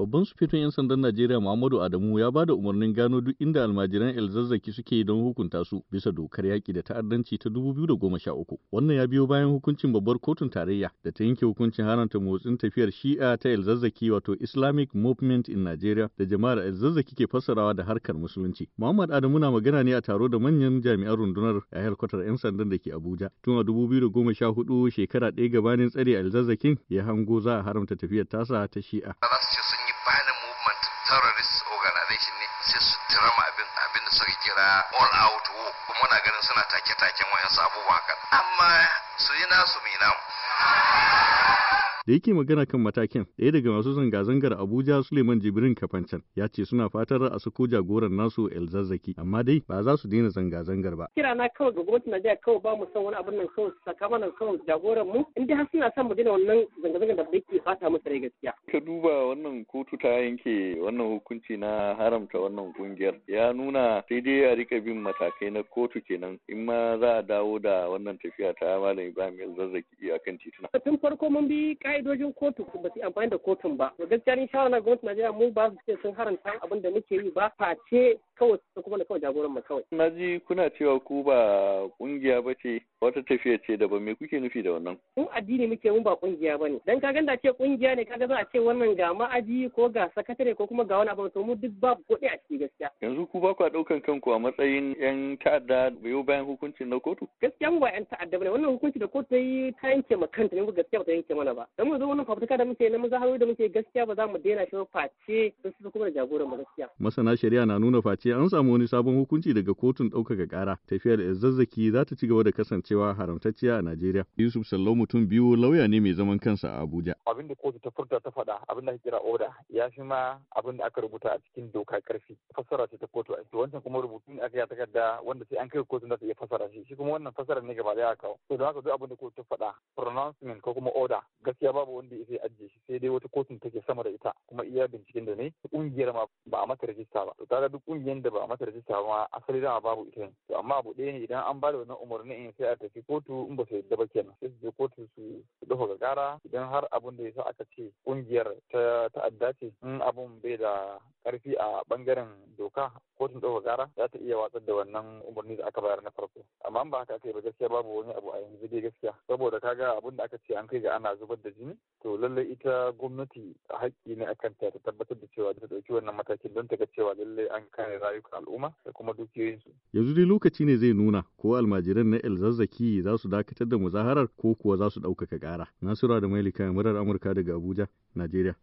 Babban sufetun 'yan sandan Najeriya Muhammadu Adamu ya ba da umarnin gano duk inda almajiran El Zazzaki suke don hukunta su bisa dokar yaƙi da ta'addanci ta 2013. Wannan ya biyo bayan hukuncin babbar kotun tarayya da ta yanke hukuncin haramta motsin tafiyar Shi'a ta El Zazzaki wato Islamic Movement in Nigeria da jama'ar El Zazzaki ke fassarawa da harkar musulunci. Muhammad Adamu na magana ne a taro da manyan jami'an rundunar a kwatar 'yan sandan da ke Abuja. Tun a 2014 shekara ɗaya gabanin tsare El Zazzakin ya hango za a haramta tafiyar tasa ta Shi'a. abin abin da suka kira all out war kuma na ganin suna take-taken wayan abubuwa kan amma su yi nasu mai namu da yake magana kan matakin ɗaya daga masu zanga-zangar abuja suleiman jibrin kafancan ya ce suna fatar a sako jagoran nasu elzazzaki amma dai ba za su daina zanga-zangar ba kira na kawai ga gwamnatin najeriya kawai ba mu san wani abin nan kawai saka mana kawai jagoran mu in dai har suna son mu daina wannan zanga-zangar da muke fata musu rai gaskiya ka duba wannan kotu ta yanke wannan hukunci na haramta wannan kungiyar ya nuna sai dai a rika bin matakai na kotu kenan in ma za a dawo da wannan tafiya ta malam ibrahim elzazzaki akan tituna tun farko mun bi ka'idojin kotu ba su amfani da kotun ba to gaskiya ni shawara gwamnatin Najeriya mu ba su ce sun haranta abin da muke yi ba face kawai sun kuma da kawai jagoran mu kawai na ji kuna cewa ku ba kungiya ba ce wata tafiya ce daban me kuke nufi da wannan mu addini muke mun ba kungiya ne. dan ka ganda ce kungiya ne kaga za a ce wannan ga ma'aji ko ga sakatare ko kuma ga wani abu to mu duk babu kuɗi a ciki gaskiya yanzu ku ba ku daukan kanku a matsayin yan ta'adda yau bayan hukuncin na kotu gaskiya mu ba yan ta'adda ne wannan hukunci da kotu ta yi ta yanke ma kanta ne gaskiya ba ta yanke mana ba dan mu zo wannan fafutuka da muke na muzaharu da muke gaskiya ba za mu daina shi face sun su kuma jagoran mu gaskiya masana shari'a na nuna face an samu wani sabon hukunci daga kotun ɗaukaka kara tafiyar zazzaki za ta ci gaba da kasancewa haramtacciya a Najeriya Yusuf Sallau mutum biyu lauya ne mai zaman kansa a Abuja abin da kotu ta furta ta faɗa abin da kira oda ya fi ma abin da aka rubuta a cikin doka karfi fassara ce ta kotu a wancan kuma aka ta takarda wanda sai an kai kotun da ta iya fasara shi shi kuma wannan fasara ne gaba ya kawo to don haka duk abin da kotu ta faɗa pronouncement ko kuma order gaskiya babu wanda ya sai ajiye shi sai dai wata kotun take sama da ita kuma iya binciken da ne kungiyar ma ba a mata rajista ba to kaga duk kungiyar da ba a mata rajista ba asali dama babu ita ne to amma abu ɗaya ne idan an ba da wannan umarni in sai a tafi kotu in ba su yadda ba kenan sai su je kotu su ga ƙara idan har abin da yasa aka ce ƙungiyar ta ta'adda ce in abin bai da ƙarfi a ɓangaren doka kotun ɗaukaka gara za ta iya watsar da wannan umarni da aka bayar na farko amma ba haka aka yi ba gaskiya babu wani abu a yanzu dai gaskiya saboda kaga abin da aka ce an kai ga ana zubar da jini to lallai ita gwamnati haƙƙi ne akan ta tabbatar da cewa ta ɗauki wannan matakin don ta ga cewa lallai an kare rayukan al'umma da kuma dukiyoyinsu. Yanzu dai lokaci ne zai nuna ko almajiran na El Zazzaki za su dakatar da muzaharar ko kuwa za su ɗaukaka ƙara. Nasura da Mailika murar Amurka daga Abuja, Najeriya.